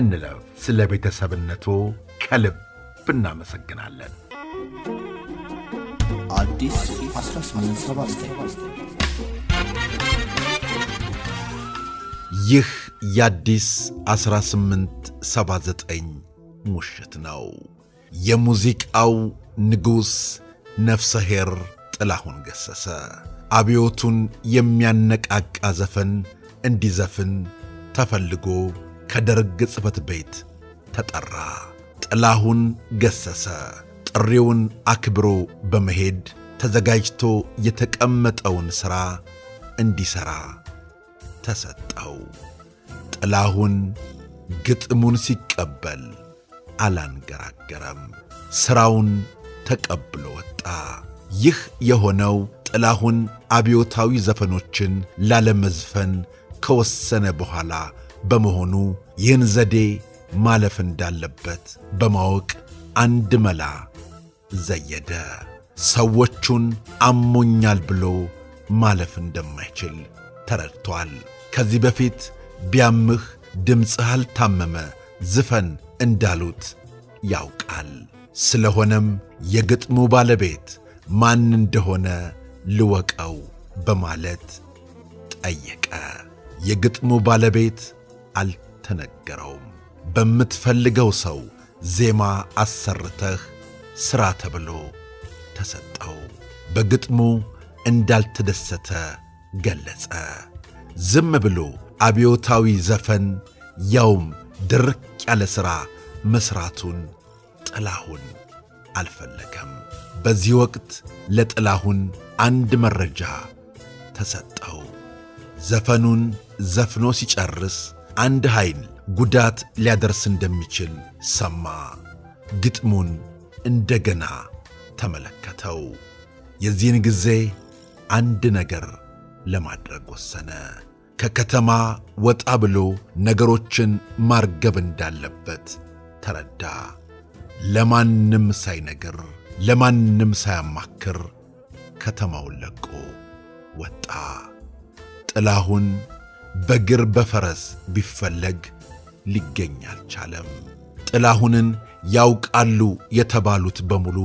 እንለፍ። ስለ ቤተሰብነቱ ከልብ እናመሰግናለን። ይህ የአዲስ 1879 ሙሽት ነው። የሙዚቃው ንጉሥ ነፍሰሄር ጥላሁን ገሠሠ አብዮቱን የሚያነቃቃ ዘፈን እንዲዘፍን ተፈልጎ ከደርግ ጽሕፈት ቤት ተጠራ። ጥላሁን ገሰሰ ጥሪውን አክብሮ በመሄድ ተዘጋጅቶ የተቀመጠውን ሥራ እንዲሠራ ተሰጠው። ጥላሁን ግጥሙን ሲቀበል አላንገራገረም። ሥራውን ተቀብሎ ወጣ። ይህ የሆነው ጥላሁን አብዮታዊ ዘፈኖችን ላለመዝፈን ከወሰነ በኋላ በመሆኑ ይህን ዘዴ ማለፍ እንዳለበት በማወቅ አንድ መላ ዘየደ። ሰዎቹን አሞኛል ብሎ ማለፍ እንደማይችል ተረድቷል። ከዚህ በፊት ቢያምህ ድምፅህ አልታመመ ዝፈን እንዳሉት ያውቃል። ስለሆነም የግጥሙ ባለቤት ማን እንደሆነ ልወቀው በማለት ጠየቀ። የግጥሙ ባለቤት አልተነገረውም። በምትፈልገው ሰው ዜማ አሰርተህ ሥራ ተብሎ ተሰጠው። በግጥሙ እንዳልተደሰተ ገለጸ። ዝም ብሎ አብዮታዊ ዘፈን ያውም ድርቅ ያለ ሥራ መሥራቱን ጥላሁን አልፈለገም። በዚህ ወቅት ለጥላሁን አንድ መረጃ ተሰጠው። ዘፈኑን ዘፍኖ ሲጨርስ አንድ ኃይል ጉዳት ሊያደርስ እንደሚችል ሰማ። ግጥሙን እንደገና ተመለከተው። የዚህን ጊዜ አንድ ነገር ለማድረግ ወሰነ። ከከተማ ወጣ ብሎ ነገሮችን ማርገብ እንዳለበት ተረዳ። ለማንም ሳይነግር ለማንም ሳያማክር ከተማውን ለቆ ወጣ። ጥላሁን በግር በፈረስ ቢፈለግ ሊገኝ አልቻለም። ጥላሁንን ያውቃሉ የተባሉት በሙሉ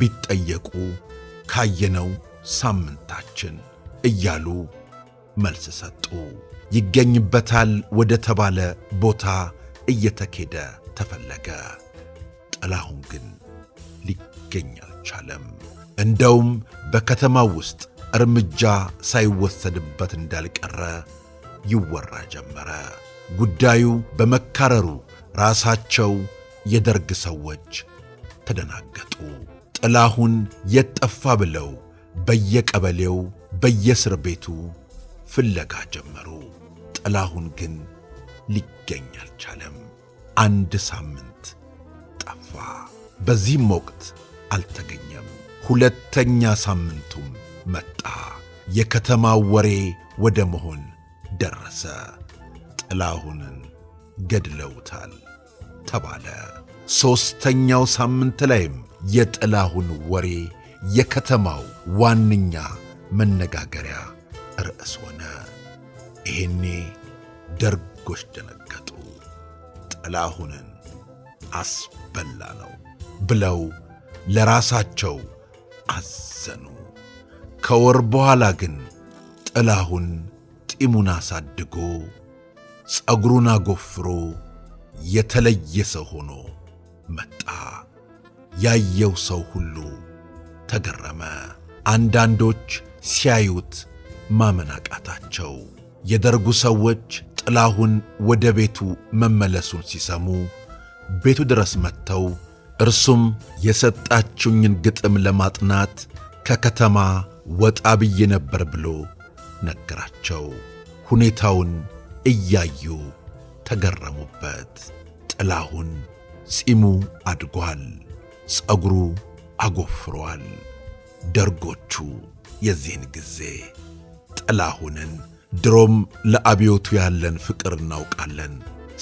ቢጠየቁ ካየነው ሳምንታችን እያሉ መልስ ሰጡ። ይገኝበታል ወደ ተባለ ቦታ እየተኬደ ተፈለገ። ጥላሁን ግን ሊገኝ አልቻለም። እንደውም በከተማው ውስጥ እርምጃ ሳይወሰድበት እንዳልቀረ ይወራ ጀመረ። ጉዳዩ በመካረሩ ራሳቸው የደርግ ሰዎች ተደናገጡ። ጥላሁን የጠፋ ብለው በየቀበሌው በየእስር ቤቱ ፍለጋ ጀመሩ። ጥላሁን ግን ሊገኝ አልቻለም። አንድ ሳምንት ጠፋ። በዚህም ወቅት አልተገኘም። ሁለተኛ ሳምንቱም መጣ የከተማው ወሬ ወደ መሆን ደረሰ። ጥላሁንን ገድለውታል ተባለ። ሦስተኛው ሳምንት ላይም የጥላሁን ወሬ የከተማው ዋነኛ መነጋገሪያ ርዕስ ሆነ። ይሄኔ ደርጎች ደነገጡ። ጥላሁንን አስበላ ነው ብለው ለራሳቸው አዘኑ። ከወር በኋላ ግን ጥላሁን ጢሙን አሳድጎ ጸጉሩን አጎፍሮ የተለየ ሰው ሆኖ መጣ። ያየው ሰው ሁሉ ተገረመ። አንዳንዶች ሲያዩት ማመን አቃታቸው። የደርጉ ሰዎች ጥላሁን ወደ ቤቱ መመለሱን ሲሰሙ ቤቱ ድረስ መጥተው እርሱም የሰጣችሁኝን ግጥም ለማጥናት ከከተማ ወጣ ብዬ ነበር ብሎ ነገራቸው። ሁኔታውን እያዩ ተገረሙበት። ጥላሁን ጺሙ አድጓል፣ ጸጉሩ አጎፍሯል። ደርጎቹ የዚህን ጊዜ ጥላሁንን ድሮም ለአብዮቱ ያለን ፍቅር እናውቃለን፣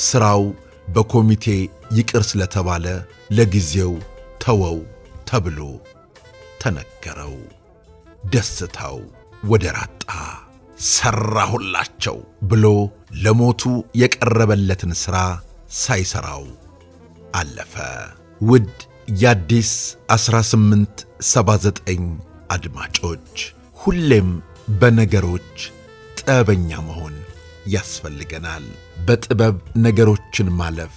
ሥራው በኮሚቴ ይቅር ስለተባለ ለጊዜው ተወው ተብሎ ተነገረው። ደስታው ወደ ራጣ ሰራሁላቸው ብሎ ለሞቱ የቀረበለትን ሥራ ሳይሠራው አለፈ። ውድ የአዲስ 1879 አድማጮች፣ ሁሌም በነገሮች ጥበበኛ መሆን ያስፈልገናል። በጥበብ ነገሮችን ማለፍ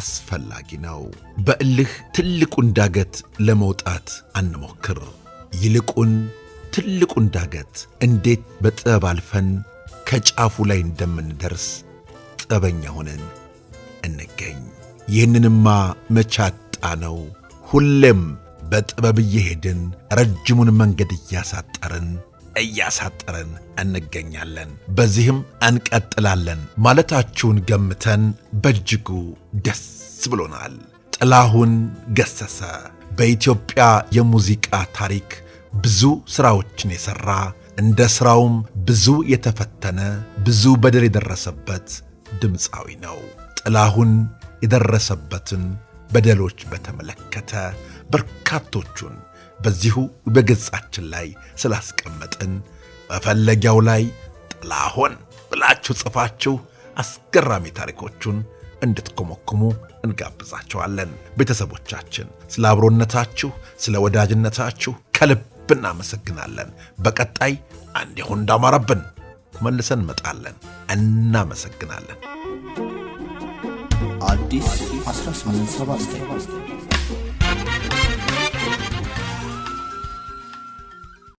አስፈላጊ ነው። በእልህ ትልቁን ዳገት ለመውጣት አንሞክር። ይልቁን ትልቁን ዳገት እንዴት በጥበብ አልፈን ከጫፉ ላይ እንደምንደርስ ጥበበኛ ሆነን እንገኝ። ይህንንማ መቻጣ ነው። ሁሌም በጥበብ እየሄድን ረጅሙን መንገድ እያሳጠርን እያሳጠርን እንገኛለን። በዚህም እንቀጥላለን ማለታችሁን ገምተን በእጅጉ ደስ ብሎናል። ጥላሁን ገሰሰ በኢትዮጵያ የሙዚቃ ታሪክ ብዙ ሥራዎችን የሠራ እንደ ሥራውም ብዙ የተፈተነ ብዙ በደል የደረሰበት ድምፃዊ ነው። ጥላሁን የደረሰበትን በደሎች በተመለከተ በርካቶቹን በዚሁ በገጻችን ላይ ስላስቀመጥን መፈለጊያው ላይ ጥላሁን ብላችሁ ጽፋችሁ አስገራሚ ታሪኮቹን እንድትኮመኩሙ እንጋብዛቸዋለን። ቤተሰቦቻችን ስለ አብሮነታችሁ፣ ስለ ወዳጅነታችሁ ከልብ ከልብ እናመሰግናለን። በቀጣይ አንድ ይሁን እንዳማረብን መልሰን እንመጣለን። እናመሰግናለን። አዲስ 1879